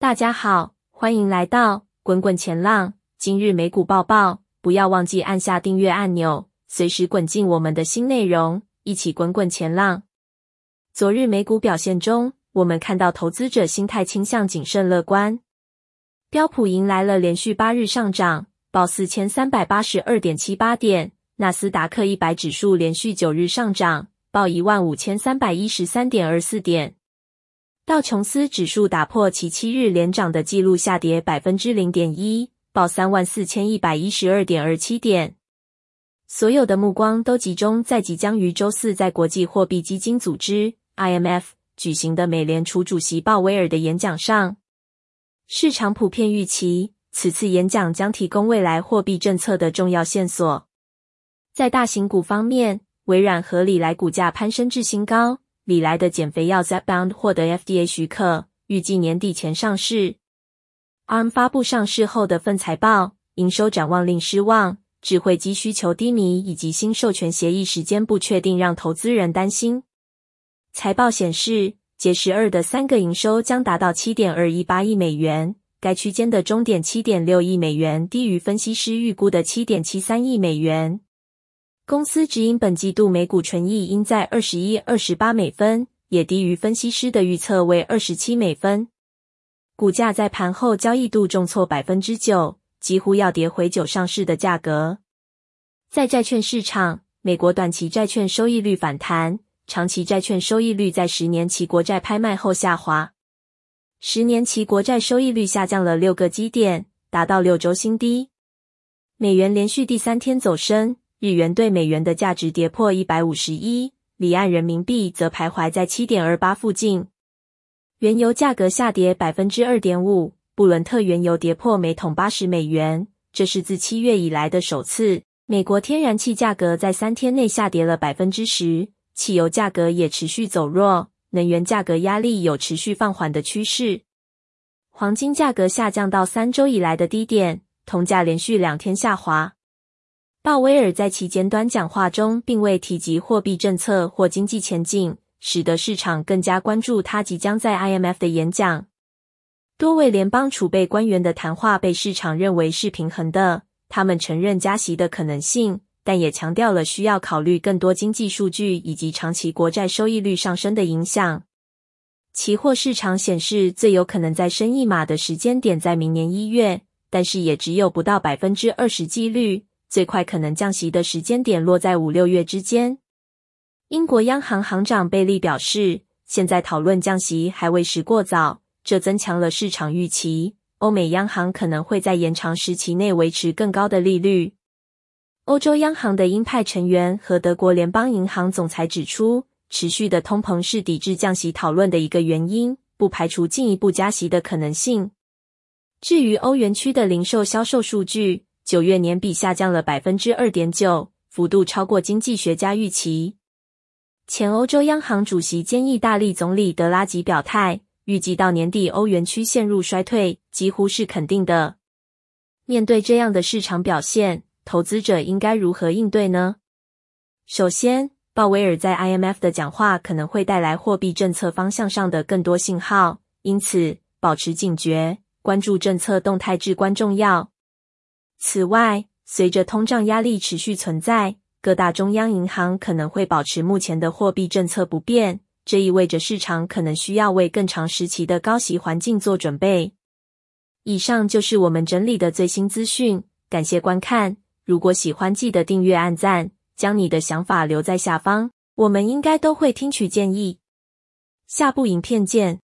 大家好，歡迎來到滾滾前浪。今日美股報報，不要忘記按下訂閱按鈕，隨時滾進我們的新內容，一起滾滾前浪。昨日美股表現中，我們看到投資者心態傾向謹慎樂觀。標普迎來了連續八日上漲，報四千三百八十二點七八點；納斯達克一百指數連續九日上漲，報一萬五千三百一十三點二四點。道瓊斯指數打破其七日連漲的紀錄，下跌百分之零點一，報三萬四千一百一十二點二七點。所有的目光都集中在即將於周四在國際貨幣基金組織 （IMF） 舉行的美聯儲主席鮑威爾的演講上。市場普遍預期此次演講將提供未來貨幣政策的重要線索。在大型股方面，微軟和禮來股價攀升至新高。禮來的減肥藥 Zepbound 獲得 FDA 許可，預計年底前上市。ARM 發布上市後的首份財報，營收展望令失望，智慧機需求低迷以及新授權協議時間不確定，讓投資人擔心。財報顯示，Q 十二的三個營收將達到7.218億美元，該區間的終點7.6億美元，低於分析師預估的7.73億美元。公司指引本季度每股純益應在二十一二十八美分，也低於分析師的預測為二十七美分。股價在盤後交易度重挫百分之九，幾乎要跌回九上市的價格。在債券市場，美國短期債券收益率反彈，長期債券收益率在十年期國債拍賣後下滑，十年期國債收益率下降了六個基點，達到六週新低。美元連續第三天走升。日元兌美元的價值跌破一百五十一，離岸人民幣則徘徊在七點二八附近。原油價格下跌百分之二點五，布倫特原油跌破每桶八十美元，這是自七月以來的首次。美國天然氣價格在三天內下跌了百分之十，汽油價格也持續走弱，能源價格壓力有持續放緩的趨勢。黃金價格下降到三周以來的低點，銅價連續兩天下滑。鮑威爾在其簡短講話中並未提及貨幣政策或經濟前景，使得市場更加關注他即將在 IMF 的演講。多位聯邦儲備官員的談話被市場認為是平衡的，他們承認加息的可能性，但也強調了需要考慮更多經濟數據以及長期國債收益率上升的影響。期貨市場顯示，最有可能再升一碼的時間點在明年一月，但是也只有不到百分之二十幾率。最快可能降息的時間點落在五六月之間。英國央行行長貝利表示，現在討論降息還為時過早，這增強了市場預期，歐美央行可能會在延長時期內維持更高的利率。歐洲央行的鷹派成員和德國聯邦銀行總裁指出，持續的通膨是抵制降息討論的一個原因，不排除進一步加息的可能性。至於歐元區的零售銷售數據。九月年比下降了百分之二點九，幅度超過經濟學家預期。前歐洲央行主席兼意大利總理德拉吉表態，預計到年底歐元區陷入衰退幾乎是肯定的。面對這樣的市場表現，投資者應該如何應對呢？首先，鮑威爾在 IMF 的講話可能會帶來貨幣政策方向上的更多信號，因此保持警覺，關注政策動態至關重要。此外，隨着通脹壓力持續存在，各大中央銀行可能會保持目前的貨幣政策不變。這意味着市場可能需要為更長時期的高息環境做準備。以上就是我們整理的最新資訊，感謝觀看。如果喜歡，記得訂閱、按讚，將你的想法留在下方，我們應該都會聽取建議。下部影片見。